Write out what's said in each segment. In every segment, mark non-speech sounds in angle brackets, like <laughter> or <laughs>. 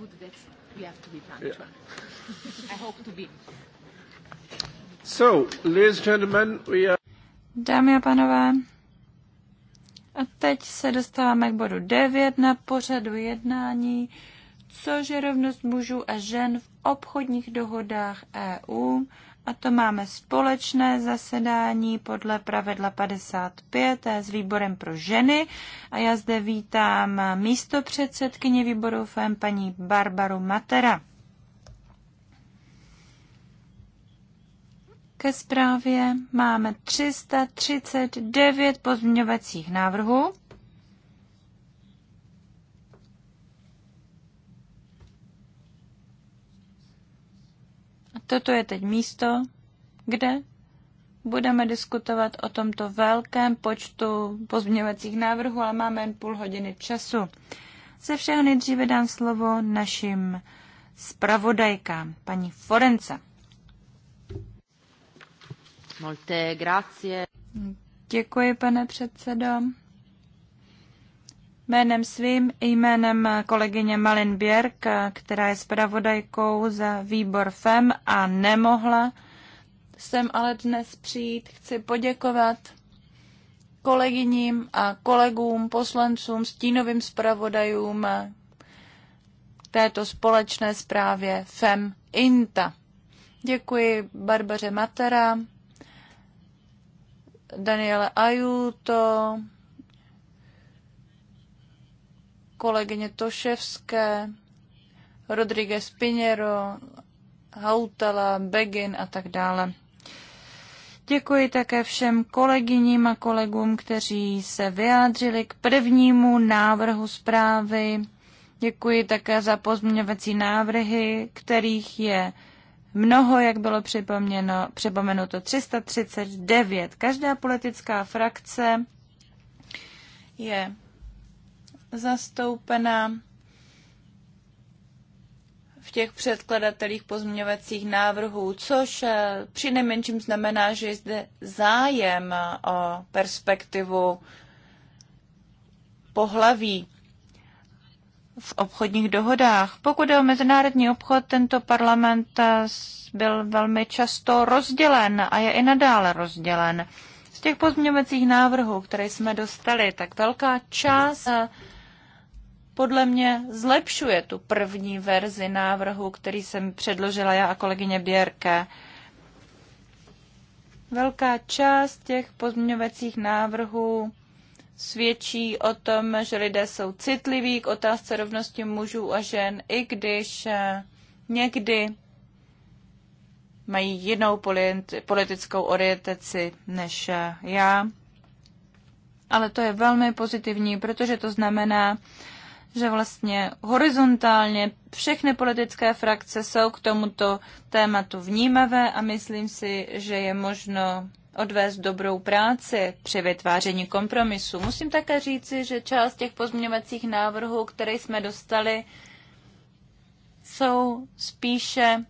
good that we have to be punctual. Yeah. I hope to be. So, ladies and gentlemen, we are... Dámy a panové, a teď se dostáváme k bodu 9 na pořadu jednání, což je rovnost mužů a žen v obchodních dohodách EU a to máme společné zasedání podle pravidla 55 s výborem pro ženy a já zde vítám místo předsedkyně výboru FEM paní Barbaru Matera. Ke zprávě máme 339 pozměňovacích návrhů. Toto je teď místo, kde budeme diskutovat o tomto velkém počtu pozměňovacích návrhů, ale máme jen půl hodiny času. Ze všeho nejdříve dám slovo našim zpravodajkám, paní Forence. Molte grazie. Děkuji, pane předsedo jménem svým i jménem kolegyně Malin Bjerk, která je zpravodajkou za výbor FEM a nemohla sem ale dnes přijít. Chci poděkovat kolegyním a kolegům, poslancům, stínovým zpravodajům této společné zprávě FEM INTA. Děkuji Barbaře Matera, Daniele Ajuto, kolegyně Toševské, Rodríguez Pinheiro, Hautala, Begin a tak dále. Děkuji také všem kolegyním a kolegům, kteří se vyjádřili k prvnímu návrhu zprávy. Děkuji také za pozměňovací návrhy, kterých je mnoho, jak bylo připomněno, připomenuto 339. Každá politická frakce je zastoupena v těch předkladatelích pozměňovacích návrhů, což eh, při nejmenším znamená, že je zde zájem o perspektivu pohlaví v obchodních dohodách. Pokud je o mezinárodní obchod, tento parlament eh, byl velmi často rozdělen a je i nadále rozdělen. Z těch pozměňovacích návrhů, které jsme dostali, tak velká část eh, podle mě zlepšuje tu první verzi návrhu, který jsem předložila já a kolegyně Běrke. Velká část těch pozměňovacích návrhů svědčí o tom, že lidé jsou citliví k otázce rovnosti mužů a žen, i když eh, někdy mají jinou politickou orientaci než eh, já. Ale to je velmi pozitivní, protože to znamená, že vlastně horizontálně všechny politické frakce jsou k tomuto tématu vnímavé a myslím si, že je možno odvést dobrou práci při vytváření kompromisu. Musím také říci, že část těch pozměňovacích návrhů, které jsme dostali, jsou spíše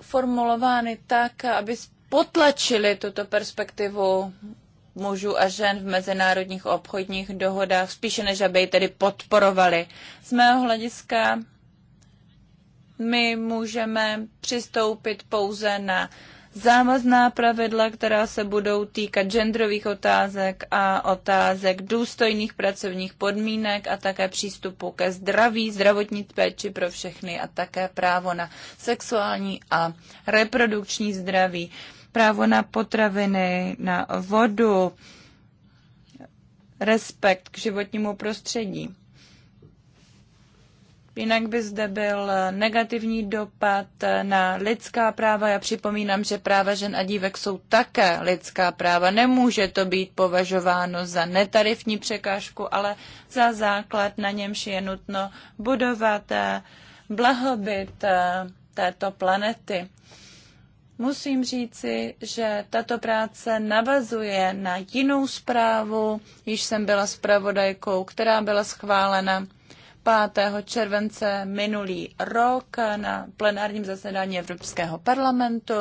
formulovány tak, aby potlačili tuto perspektivu mužů a žen v mezinárodních obchodních dohodách, spíše než aby ji tedy podporovali. Z mého hlediska my můžeme přistoupit pouze na závazná pravidla, která se budou týkat genderových otázek a otázek důstojných pracovních podmínek a také přístupu ke zdraví, zdravotní péči pro všechny a také právo na sexuální a reprodukční zdraví právo na potraviny, na vodu, respekt k životnímu prostředí. Jinak by zde byl negativní dopad na lidská práva. Já připomínám, že práva žen a dívek jsou také lidská práva. Nemůže to být považováno za netarifní překážku, ale za základ, na němž je nutno budovat eh, blahobyt eh, této planety. Musím říci, že tato práce navazuje na jinou zprávu, již jsem byla zpravodajkou, která byla schválena 5. července minulý rok na plenárním zasedání Evropského parlamentu.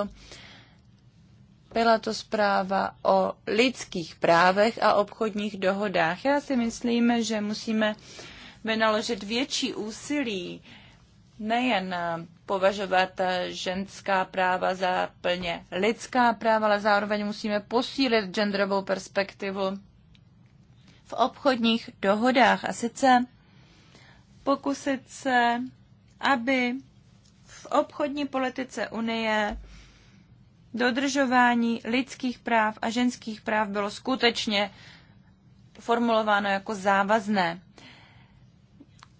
Byla to zpráva o lidských právech a obchodních dohodách. Já si myslím, že musíme vynaložit větší úsilí nejen považovat ženská práva za plně lidská práva, ale zároveň musíme posílit genderovou perspektivu v obchodních dohodách a sice pokusit se, aby v obchodní politice Unie dodržování lidských práv a ženských práv bylo skutečně formulováno jako závazné.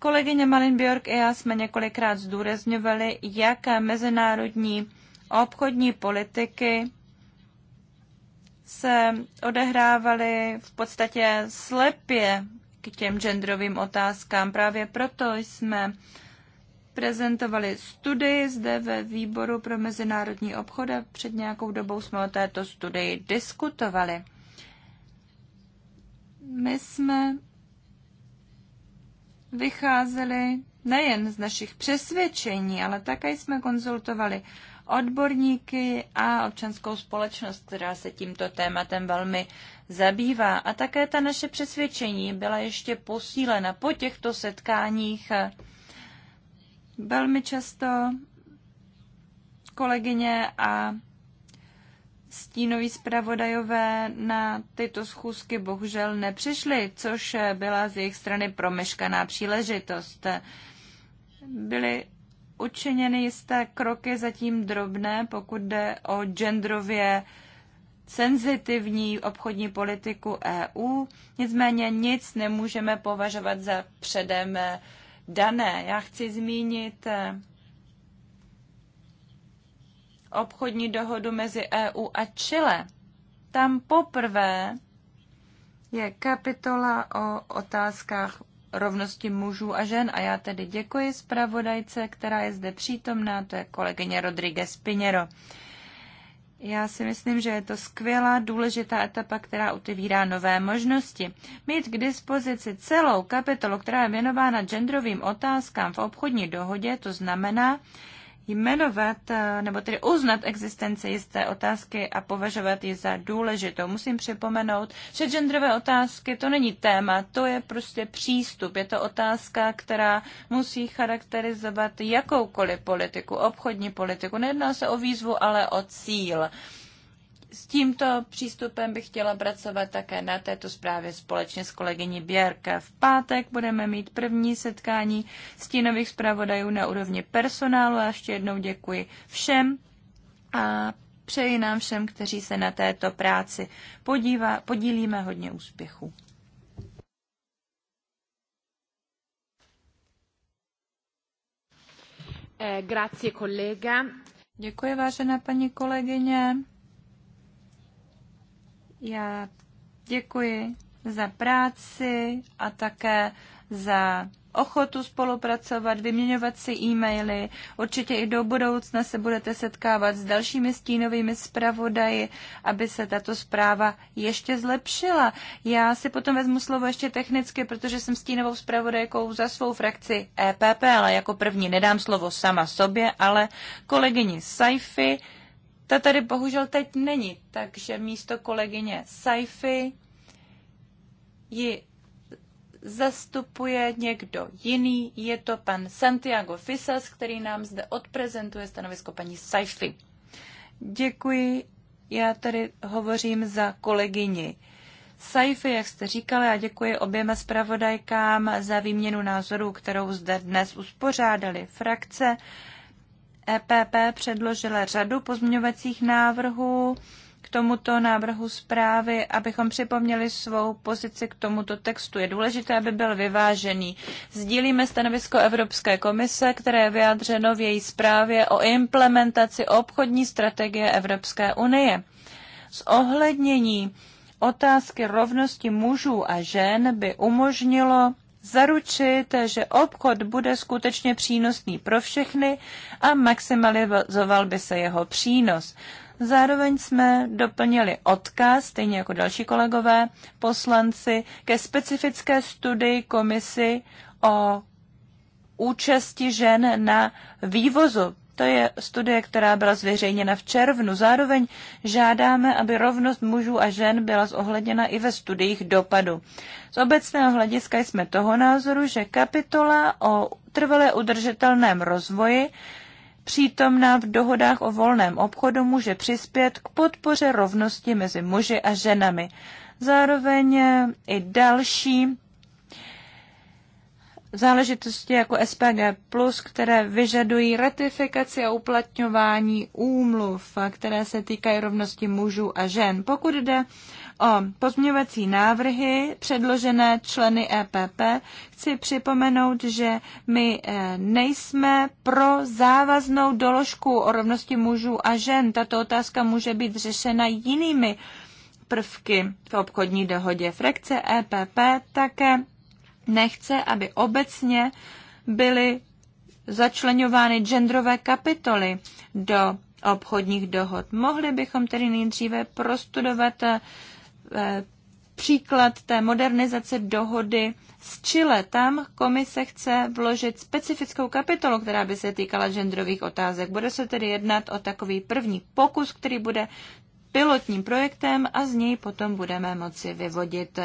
Kolegyně Malin Björk a já jsme několikrát zdůrazňovali, jak mezinárodní obchodní politiky se odehrávaly v podstatě slepě k těm genderovým otázkám. Právě proto jsme prezentovali studii zde ve výboru pro mezinárodní obchod a před nějakou dobou jsme o této studii diskutovali. My jsme vycházeli nejen z našich přesvědčení, ale také jsme konzultovali odborníky a občanskou společnost, která se tímto tématem velmi zabývá. A také ta naše přesvědčení byla ještě posílena po těchto setkáních. Velmi často kolegyně a stínoví zpravodajové na tyto schůzky bohužel nepřišli, což byla z jejich strany promeškaná příležitost. Byly učiněny jisté kroky zatím drobné, pokud jde o genderově senzitivní obchodní politiku EU. Nicméně nic nemůžeme považovat za předem dané. Já chci zmínit obchodní dohodu mezi EU a Chile. Tam poprvé je kapitola o otázkách rovnosti mužů a žen a já tedy děkuji zpravodajce, která je zde přítomná, to je kolegyně Rodriguez Pinero. Já si myslím, že je to skvělá, důležitá etapa, která otevírá nové možnosti. Mít k dispozici celou kapitolu, která je věnována genderovým otázkám v obchodní dohodě, to znamená, jmenovat, eh, nebo tedy uznat existenci jisté otázky a považovat ji za důležitou. Musím připomenout, že genderové otázky to není téma, to je prostě přístup. Je to otázka, která musí charakterizovat jakoukoliv politiku, obchodní politiku. Nejedná se o výzvu, ale o cíl s tímto přístupem bych chtěla pracovat také na této zprávě společně s kolegyní Běrk. V pátek budeme mít první setkání stínových zpravodajů na úrovni personálu a ještě jednou děkuji všem a přeji nám všem, kteří se na této práci podívá, podílíme hodně úspěchů. Eh, grazie, kolega. Děkuji, vážená paní kolegyně. Já děkuji za práci a také za ochotu spolupracovat, vyměňovat si e-maily. Určitě i do budoucna se budete setkávat s dalšími stínovými zpravodaji, aby se tato zpráva ještě zlepšila. Já si potom vezmu slovo ještě technicky, protože jsem stínovou zpravodajkou za svou frakci EPP, ale jako první nedám slovo sama sobě, ale kolegyni Saifi, ta tady bohužel teď není, takže místo kolegyně Saify ji zastupuje někdo jiný. Je to pan Santiago Fisas, který nám zde odprezentuje stanovisko paní Saify. Děkuji. Já tady hovořím za kolegyni Saify, jak jste říkali, a děkuji oběma zpravodajkám za výměnu názorů, kterou zde dnes uspořádali. Frakce EPP předložila řadu pozměňovacích návrhů k tomuto návrhu zprávy, abychom připomněli svou pozici k tomuto textu. Je důležité, aby byl vyvážený. Sdílíme stanovisko Evropské komise, které je vyjádřeno v její zprávě o implementaci obchodní strategie Evropské unie. Z ohlednění otázky rovnosti mužů a žen by umožnilo zaručit, že obchod bude skutečně přínosný pro všechny a maximalizoval by se jeho přínos. Zároveň jsme doplnili odkaz, stejně jako další kolegové poslanci, ke specifické studii komisy o účasti žen na vývozu to je studie, která byla zveřejněna v červnu. Zároveň žádáme, aby rovnost mužů a žen byla zohledněna i ve studiích dopadu. Z obecného hlediska jsme toho názoru, že kapitola o trvale udržitelném rozvoji přítomná v dohodách o volném obchodu může přispět k podpoře rovnosti mezi muži a ženami. Zároveň i další záležitosti jako SPG+, které vyžadují ratifikaci a uplatňování úmluv, které se týkají rovnosti mužů a žen. Pokud jde o pozměňovací návrhy předložené členy EPP, chci připomenout, že my eh, nejsme pro závaznou doložku o rovnosti mužů a žen. Tato otázka může být řešena jinými prvky v obchodní dohodě. Frakce EPP také nechce, aby obecně byly začlenovány genderové kapitoly do obchodních dohod. Mohli bychom tedy nejdříve prostudovat eh, příklad té modernizace dohody s Chile. Tam komise chce vložit specifickou kapitolu, která by se týkala genderových otázek. Bude se tedy jednat o takový první pokus, který bude pilotním projektem a z něj potom budeme moci vyvodit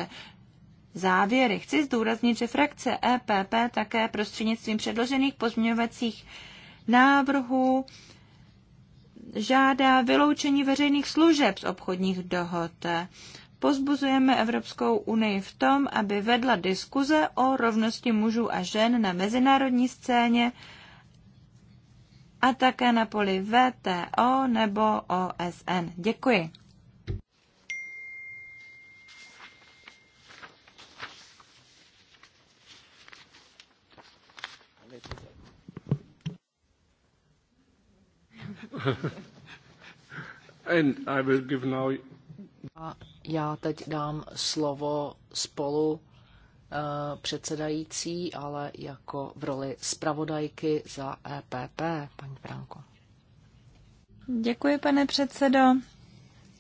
závěry. Chci zdůraznit, že frakce EPP také prostřednictvím předložených pozměňovacích návrhů žádá vyloučení veřejných služeb z obchodních dohod. Pozbuzujeme Evropskou unii v tom, aby vedla diskuze o rovnosti mužů a žen na mezinárodní scéně a také na poli VTO nebo OSN. Děkuji. <laughs> And I will give now... A já teď dám slovo spolu uh, předsedající, ale jako v roli zpravodajky za EPP, paní Franko. Děkuji, pane předsedo.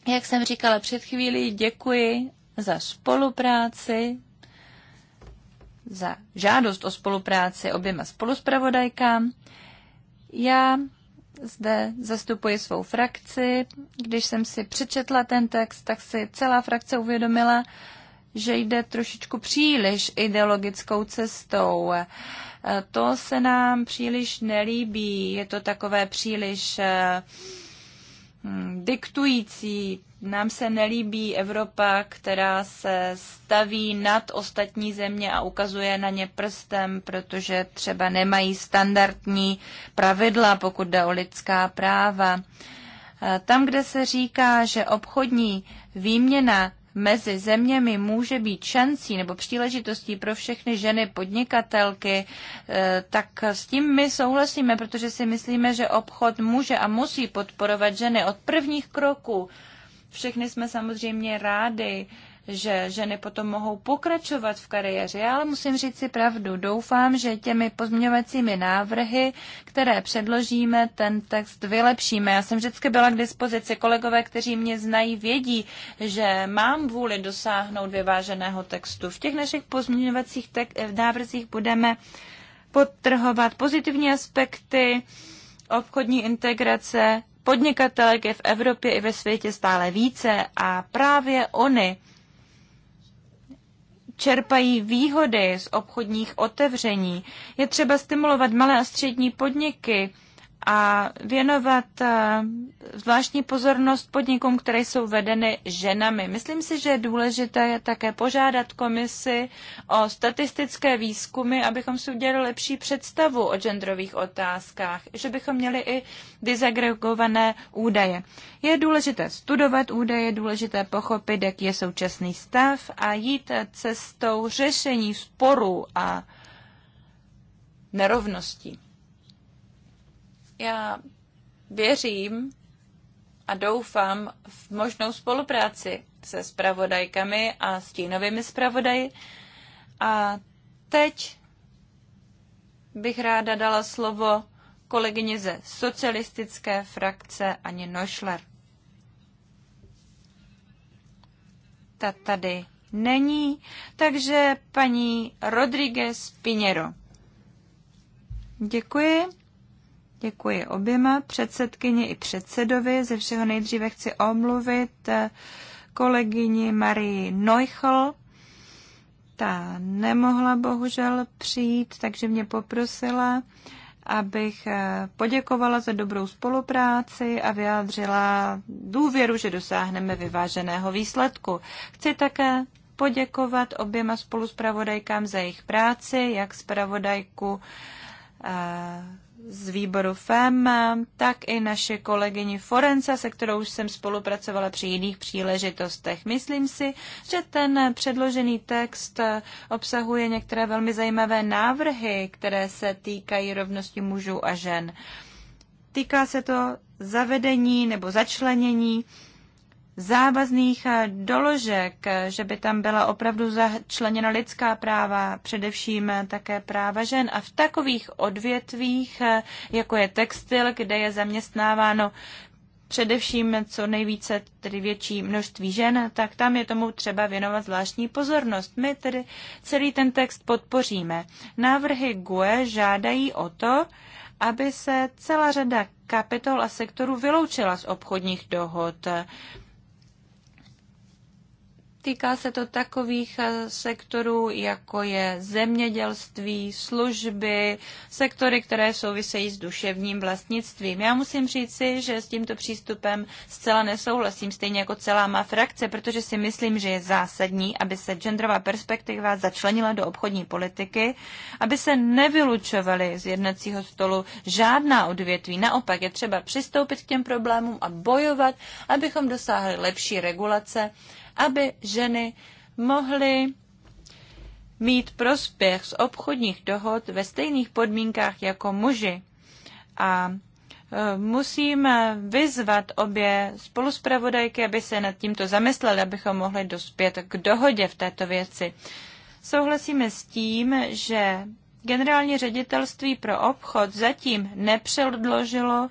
Jak jsem říkala před chvílí, děkuji za spolupráci, za žádost o spolupráci oběma spoluspravodajkám. Já zde zastupuji svou frakci. Když jsem si přečetla ten text, tak si celá frakce uvědomila, že jde trošičku příliš ideologickou cestou. E, to se nám příliš nelíbí. Je to takové příliš uh, Mm, diktující. Nám se nelíbí Evropa, která se staví nad ostatní země a ukazuje na ně prstem, protože třeba nemají standardní pravidla, pokud jde o lidská práva. Eh, tam, kde se říká, že obchodní výměna mezi zeměmi může být šancí nebo příležitostí pro všechny ženy podnikatelky, eh, tak s tím my souhlasíme, protože si myslíme, že obchod může a musí podporovat ženy od prvních kroků. Všechny jsme samozřejmě rádi, že ženy potom mohou pokračovat v kariéře. Já ale musím říct si pravdu. Doufám, že těmi pozměňovacími návrhy, které předložíme, ten text vylepšíme. Já jsem vždycky byla k dispozici. Kolegové, kteří mě znají, vědí, že mám vůli dosáhnout vyváženého textu. V těch našich pozměňovacích tek- eh, návrzích budeme podtrhovat pozitivní aspekty obchodní integrace podnikatelek je v Evropě i ve světě stále více a právě oni čerpají výhody z obchodních otevření. Je třeba stimulovat malé a střední podniky, a věnovat eh, zvláštní pozornost podnikům, které jsou vedeny ženami. Myslím si, že je důležité také požádat komisi o statistické výzkumy, abychom si udělali lepší představu o genderových otázkách, že bychom měli i dizagregované údaje. Je důležité studovat údaje, je důležité pochopit, jaký je současný stav a jít cestou řešení sporů a nerovností. Já věřím a doufám v možnou spolupráci se spravodajkami a stínovými spravodaji. A teď bych ráda dala slovo kolegyně ze socialistické frakce Ani Nošler. Ta tady není, takže paní Rodriguez Pinero. Děkuji. Děkuji oběma předsedkyni i předsedovi. Ze všeho nejdříve chci omluvit eh, kolegyni Marii Neuchl. Ta nemohla bohužel přijít, takže mě poprosila, abych eh, poděkovala za dobrou spolupráci a vyjádřila důvěru, že dosáhneme vyváženého výsledku. Chci také poděkovat oběma spoluspravodajkám za jejich práci, jak spravodajku eh, z výboru FEM, tak i naše kolegyni Forenza, se kterou jsem spolupracovala při jiných příležitostech. Myslím si, že ten předložený text obsahuje některé velmi zajímavé návrhy, které se týkají rovnosti mužů a žen. Týká se to zavedení nebo začlenění závazných eh, doložek, eh, že by tam byla opravdu začleněna lidská práva, především eh, také práva žen. A v takových odvětvích, jako je textil, kde je zaměstnáváno především co nejvíce, tedy větší množství žen, tak tam je tomu třeba věnovat zvláštní pozornost. My tedy celý ten text podpoříme. Návrhy GUE žádají o to, aby se celá řada kapitol a sektorů vyloučila z obchodních dohod. Týká se to takových eh, sektorů, jako je zemědělství, služby, sektory, které souvisejí s duševním vlastnictvím. Já musím říci, že s tímto přístupem zcela nesouhlasím, stejně jako celá má frakce, protože si myslím, že je zásadní, aby se genderová perspektiva začlenila do obchodní politiky, aby se nevylučovaly z jednacího stolu žádná odvětví. Naopak je třeba přistoupit k těm problémům a bojovat, abychom dosáhli lepší regulace aby ženy mohly mít prospěch z obchodních dohod ve stejných podmínkách jako muži. A e, musím vyzvat obě spoluspravodajky, aby se nad tímto zamysleli, abychom mohli dospět k dohodě v této věci. Souhlasíme s tím, že generální ředitelství pro obchod zatím nepředložilo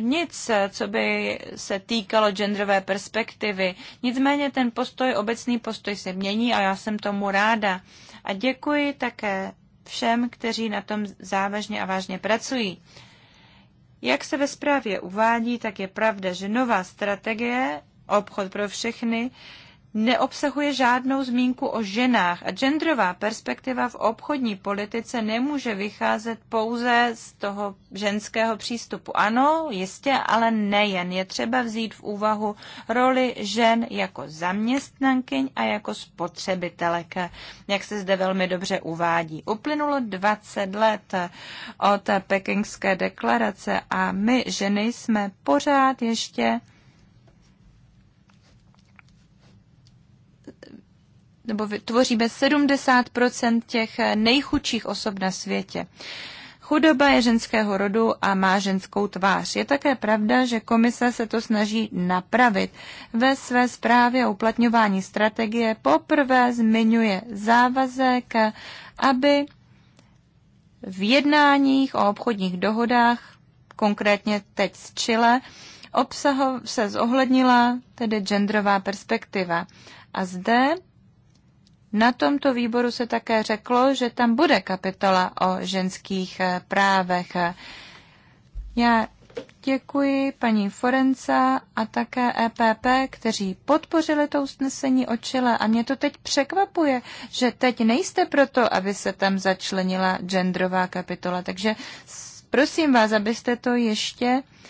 nic, co by se týkalo genderové perspektivy. Nicméně ten postoj, obecný postoj se mění a já jsem tomu ráda. A děkuji také všem, kteří na tom závažně a vážně pracují. Jak se ve zprávě uvádí, tak je pravda, že nová strategie obchod pro všechny neobsahuje žádnou zmínku o ženách a genderová perspektiva v obchodní politice nemůže vycházet pouze z toho ženského přístupu. Ano, jistě, ale nejen. Je třeba vzít v úvahu roli žen jako zaměstnankyň a jako spotřebitelek, jak se zde velmi dobře uvádí. Uplynulo 20 let od pekingské deklarace a my ženy jsme pořád ještě nebo tvoříme 70 těch eh, nejchudších osob na světě. Chudoba je ženského rodu a má ženskou tvář. Je také pravda, že komise se to snaží napravit. Ve své zprávě o uplatňování strategie poprvé zmiňuje závazek, aby v jednáních o obchodních dohodách, konkrétně teď z Chile, obsahu se zohlednila tedy genderová perspektiva. A zde na tomto výboru se také řeklo, že tam bude kapitola o ženských eh, právech. Já děkuji paní Forenca a také EPP, kteří podpořili to usnesení o čele A mě to teď překvapuje, že teď nejste proto, aby se tam začlenila genderová kapitola. Takže prosím vás, abyste to ještě uh,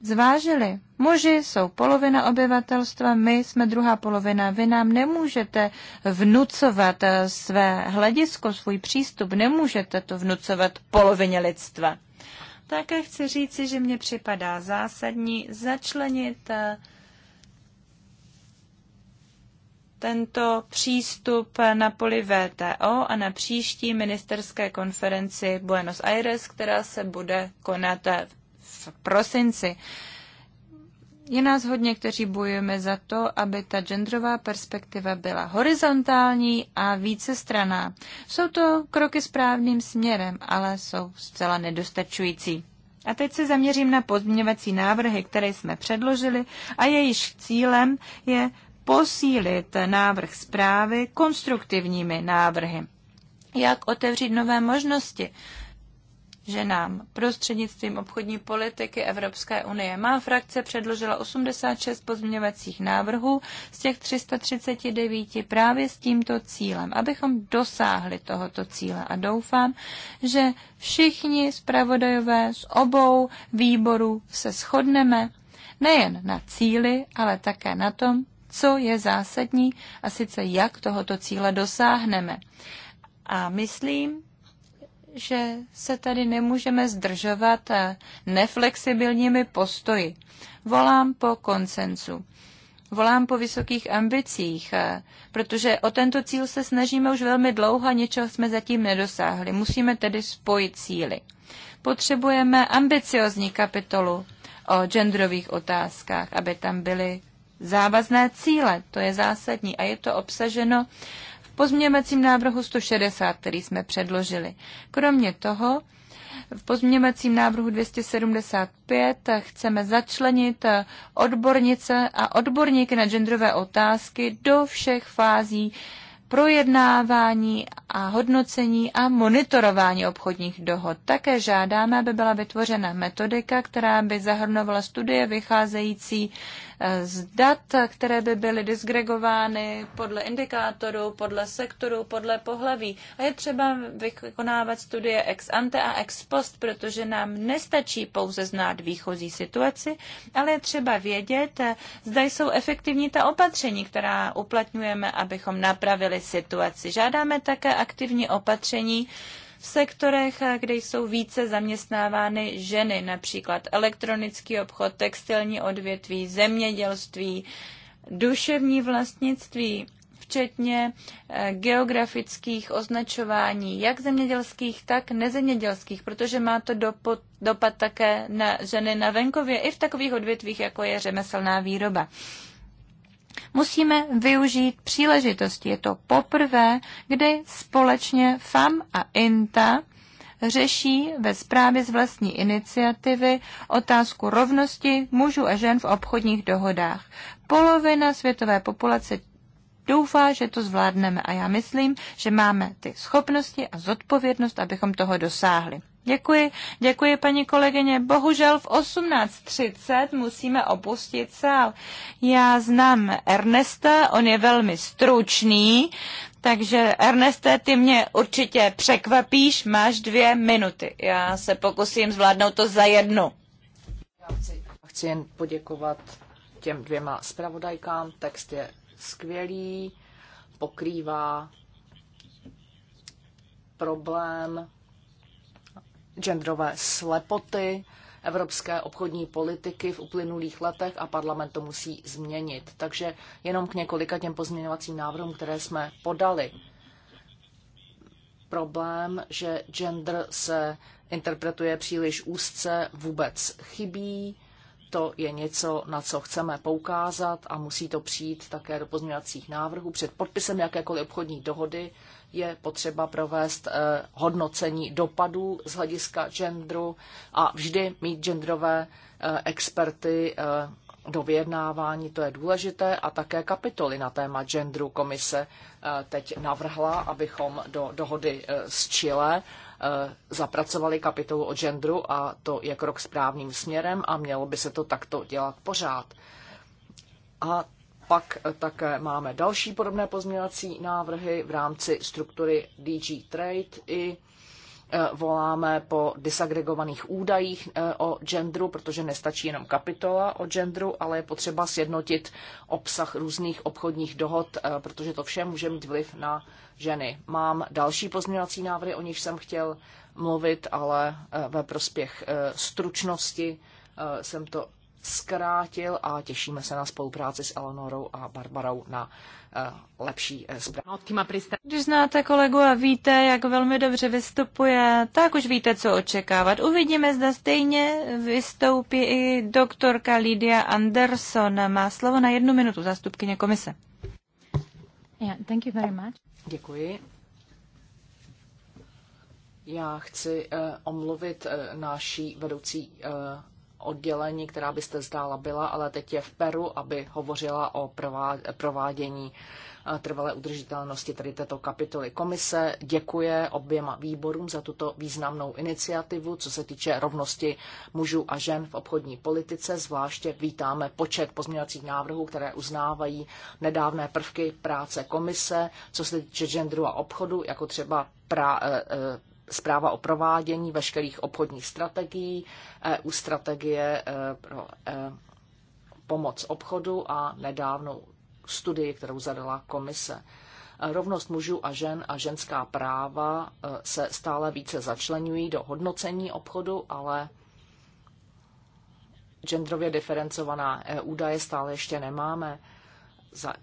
zvážili. Muži jsou polovina obyvatelstva, my jsme druhá polovina. Vy nám nemůžete vnucovat eh, své hledisko, svůj přístup, nemůžete to vnucovat polovině lidstva. Také chci říci, že mně připadá zásadní začlenit eh, tento přístup na poli VTO a na příští ministerské konferenci Buenos Aires, která se bude konat v v prosinci. Je nás hodně, kteří bojujeme za to, aby ta genderová perspektiva byla horizontální a vícestraná. Jsou to kroky správným směrem, ale jsou zcela nedostačující. A teď se zaměřím na pozměňovací návrhy, které jsme předložili a jejíž cílem je posílit návrh zprávy konstruktivními návrhy. Jak otevřít nové možnosti že nám Prostřednictvím obchodní politiky Evropské unie má frakce předložila 86 pozměňovacích návrhů z těch 339 právě s tímto cílem, abychom dosáhli tohoto cíle a doufám, že všichni zpravodajové z obou výborů se shodneme nejen na cíli, ale také na tom, co je zásadní a sice jak tohoto cíle dosáhneme. A myslím, že se tady nemůžeme zdržovat eh, neflexibilními postoji. Volám po konsensu. Volám po vysokých ambicích, eh, protože o tento cíl se snažíme už velmi dlouho a něčeho jsme zatím nedosáhli. Musíme tedy spojit síly. Potřebujeme ambiciozní kapitolu o genderových otázkách, aby tam byly závazné cíle. To je zásadní a je to obsaženo pozměňovacím návrhu 160, který jsme předložili. Kromě toho v pozměňovacím návrhu 275 chceme začlenit eh, odbornice a odborníky na genderové otázky do všech fází projednávání a hodnocení a monitorování obchodních dohod. Také žádáme, aby byla vytvořena metodika, která by zahrnovala studie vycházející z dat, které by byly disgregovány podle indikátorů, podle sektorů, podle pohlaví. A je třeba vykonávat studie ex ante a ex post, protože nám nestačí pouze znát výchozí situaci, ale je třeba vědět, zda jsou efektivní ta opatření, která uplatňujeme, abychom napravili situaci. Žádáme také aktivní opatření, sektorech, eh, kde jsou více zaměstnávány ženy, například elektronický obchod, textilní odvětví, zemědělství, duševní vlastnictví, včetně eh, geografických označování, jak zemědělských, tak nezemědělských, protože má to dopad, dopad také na ženy na venkově i v takových odvětvích, jako je řemeslná výroba. Musíme využít příležitosti. Je to poprvé, kdy společně FAM a INTA řeší ve zprávě z vlastní iniciativy otázku rovnosti mužů a žen v obchodních dohodách. Polovina světové populace doufá, že to zvládneme a já myslím, že máme ty schopnosti a zodpovědnost, abychom toho dosáhli. Děkuji, děkuji paní kolegyně. Bohužel v 18.30 musíme opustit sál. Já znám Ernesta, on je velmi stručný, takže Erneste, ty mě určitě překvapíš, máš dvě minuty. Já se pokusím zvládnout to za jednu. Já chci, chci jen poděkovat těm dvěma zpravodajkám. Text je skvělý, pokrývá problém genderové slepoty evropské obchodní politiky v uplynulých letech a parlament to musí změnit. Takže jenom k několika těm pozměňovacím návrhům, které jsme podali. Problém, že gender se interpretuje příliš úzce, vůbec chybí to je něco, na co chceme poukázat a musí to přijít také do pozměňovacích návrhů. Před podpisem jakékoliv obchodní dohody je potřeba provést eh, hodnocení dopadů z hlediska genderu a vždy mít genderové eh, experty eh, do vyjednávání, to je důležité, a také kapitoly na téma genderu komise teď navrhla, abychom do dohody s Chile Eh, zapracovali kapitolu o genderu a to je krok správným směrem a mělo by se to takto dělat pořád. A pak eh, také máme další podobné pozměňovací návrhy v rámci struktury DG Trade i Eh, voláme po disagregovaných údajích eh, o genderu, protože nestačí jenom kapitola o genderu, ale je potřeba sjednotit obsah různých obchodních dohod, eh, protože to vše může mít vliv na ženy. Mám další pozměňovací návrhy, o nich jsem chtěl mluvit, ale ve prospěch stručnosti jsem to zkrátil a těšíme se na spolupráci s Eleonorou a Barbarou na eh, lepší eh, zprávy. Když znáte kolegu a víte, jak velmi dobře vystupuje, tak už víte, co očekávat. Uvidíme, zda stejně vystoupí i doktorka Lydia Anderson. Má slovo na jednu minutu zástupkyně komise. Yeah, thank you very much. Děkuji. Já chci uh, omluvit uh, naší vedoucí uh, oddělení, která byste zdála byla, ale teď je v Peru, aby hovořila o provádění eh, trvalé udržitelnosti tady této kapitoly. Komise děkuje oběma výborům za tuto významnou iniciativu, co se týče rovnosti mužů a žen v obchodní politice. Zvláště vítáme počet pozměňovacích návrhů, které uznávají nedávné prvky práce komise, co se týče genderu a obchodu, jako třeba pra, eh, eh, zpráva o provádění veškerých obchodních strategií, EU strategie e, pro e, pomoc obchodu a nedávnou studii, kterou zadala komise. E, rovnost mužů a žen a ženská práva se stále více začlenují do hodnocení obchodu, ale genderově diferencovaná údaje stále ještě nemáme. Za,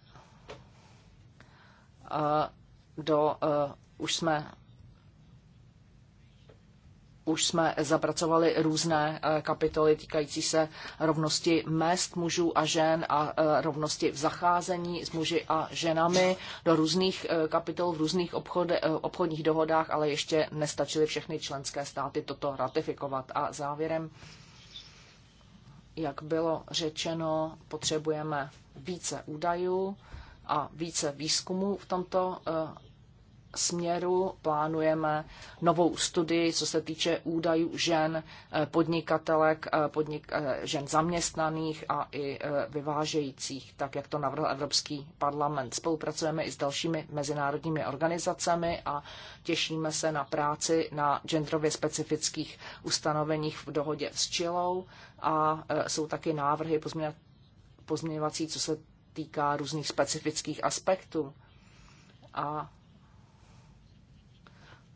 do, už jsme už jsme zapracovali různé eh, kapitoly týkající se rovnosti mest mužů a žen a eh, rovnosti v zacházení s muži a ženami do různých eh, kapitol v různých obchod, obchodních dohodách, ale ještě nestačily všechny členské státy toto ratifikovat. A závěrem, jak bylo řečeno, potřebujeme více údajů a více výzkumu v tomto směru plánujeme novou studii, co se týče údajů žen eh, podnikatelek, eh, podnik, eh, žen zaměstnaných a i vyvážejících, tak jak to navrhl Evropský parlament. Spolupracujeme i s dalšími mezinárodními organizacemi a těšíme se na práci na genderově specifických ustanoveních v dohodě s Čilou a jsou taky návrhy pozměňovací, co se týká různých specifických aspektů. A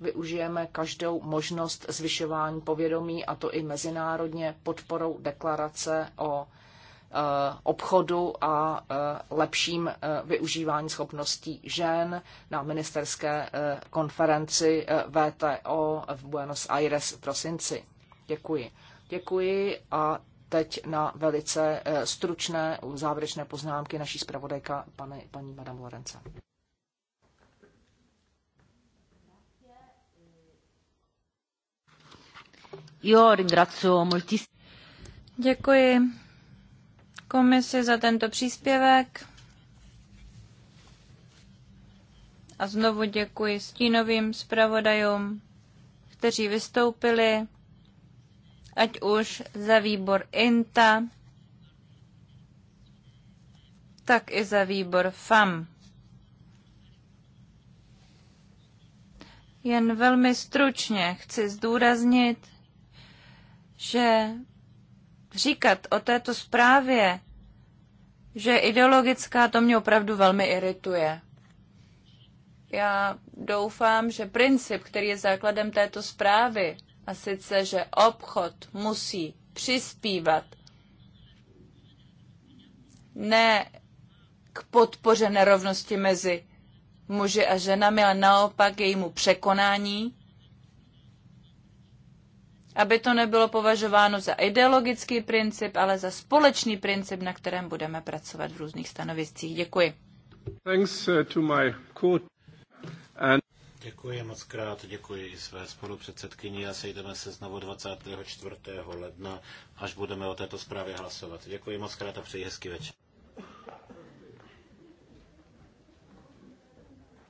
využijeme každou možnost zvyšování povědomí, a to i mezinárodně, podporou deklarace o e, obchodu a e, lepším e, využívání schopností žen na ministerské konferenci VTO v Buenos Aires v prosinci. Děkuji. Děkuji a teď na velice stručné závěrečné poznámky naší zpravodajka paní, paní Madame Lorence. Děkuji komisi za tento příspěvek. A znovu děkuji stínovým zpravodajům, kteří vystoupili, ať už za výbor INTA, tak i za výbor FAM. Jen velmi stručně chci zdůraznit, že říkat o této zprávě, že je ideologická, to mě opravdu velmi irituje. Já doufám, že princip, který je základem této zprávy, a sice, že obchod musí přispívat ne k podpoře nerovnosti mezi muži a ženami, ale naopak jejímu překonání, aby to nebylo považováno za ideologický princip, ale za společný princip, na kterém budeme pracovat v různých stanoviscích. Děkuji. Thanks uh, to my Děkuji moc krát, děkuji i své spolupředsedkyni a sejdeme se znovu 24. ledna, až budeme o této zprávě hlasovat. Děkuji moc krát a přeji hezký večer.